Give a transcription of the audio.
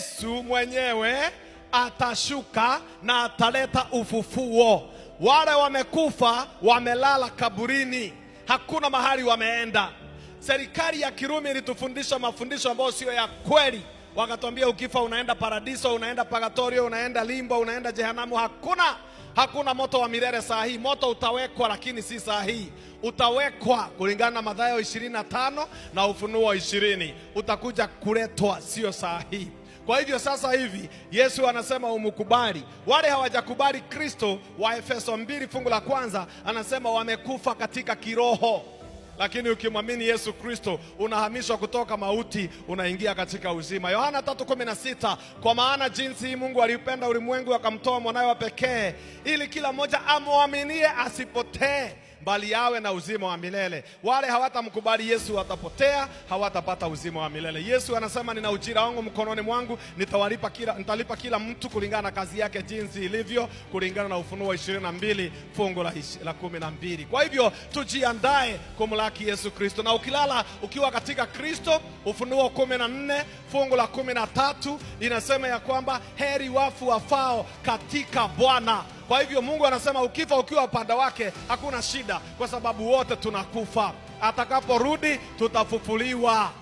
Yesu mwenyewe atashuka na ataleta ufufuo. Wale wamekufa wamelala kaburini, hakuna mahali wameenda. Serikali ya Kirumi ilitufundisha mafundisho ambayo sio ya kweli, wakatuambia ukifa unaenda paradiso, unaenda pagatorio, unaenda limbo, unaenda jehanamu. Hakuna, hakuna moto wa milele saa hii. Moto utawekwa, lakini si saa hii utawekwa kulingana na Mathayo 25 na Ufunuo 20, utakuja kuletwa, sio saa hii. Kwa hivyo sasa hivi Yesu anasema umukubali. Wale hawajakubali Kristo wa Efeso mbili fungu la kwanza anasema wamekufa katika kiroho, lakini ukimwamini Yesu Kristo unahamishwa kutoka mauti unaingia katika uzima. Yohana 3:16 kwa maana jinsi Mungu aliupenda ulimwengu akamtoa mwanawe wa pekee ili kila mmoja amwaminie asipotee bali yawe na uzima wa milele. Wale hawatamkubali Yesu watapotea, hawatapata uzima wa milele. Yesu anasema nina ujira wangu mkononi mwangu, nitawalipa kila, nitalipa kila mtu kulingana na kazi yake jinsi ilivyo, kulingana na Ufunuo 22 fungu la, la kumi na mbili. Kwa hivyo tujiandae kumlaki Yesu Kristo, na ukilala ukiwa katika Kristo, Ufunuo 14 fungu la kumi na tatu inasema ya kwamba heri wafu wafao katika Bwana. Kwa hivyo Mungu anasema ukifa ukiwa upande wake hakuna shida, kwa sababu wote tunakufa. Atakaporudi tutafufuliwa.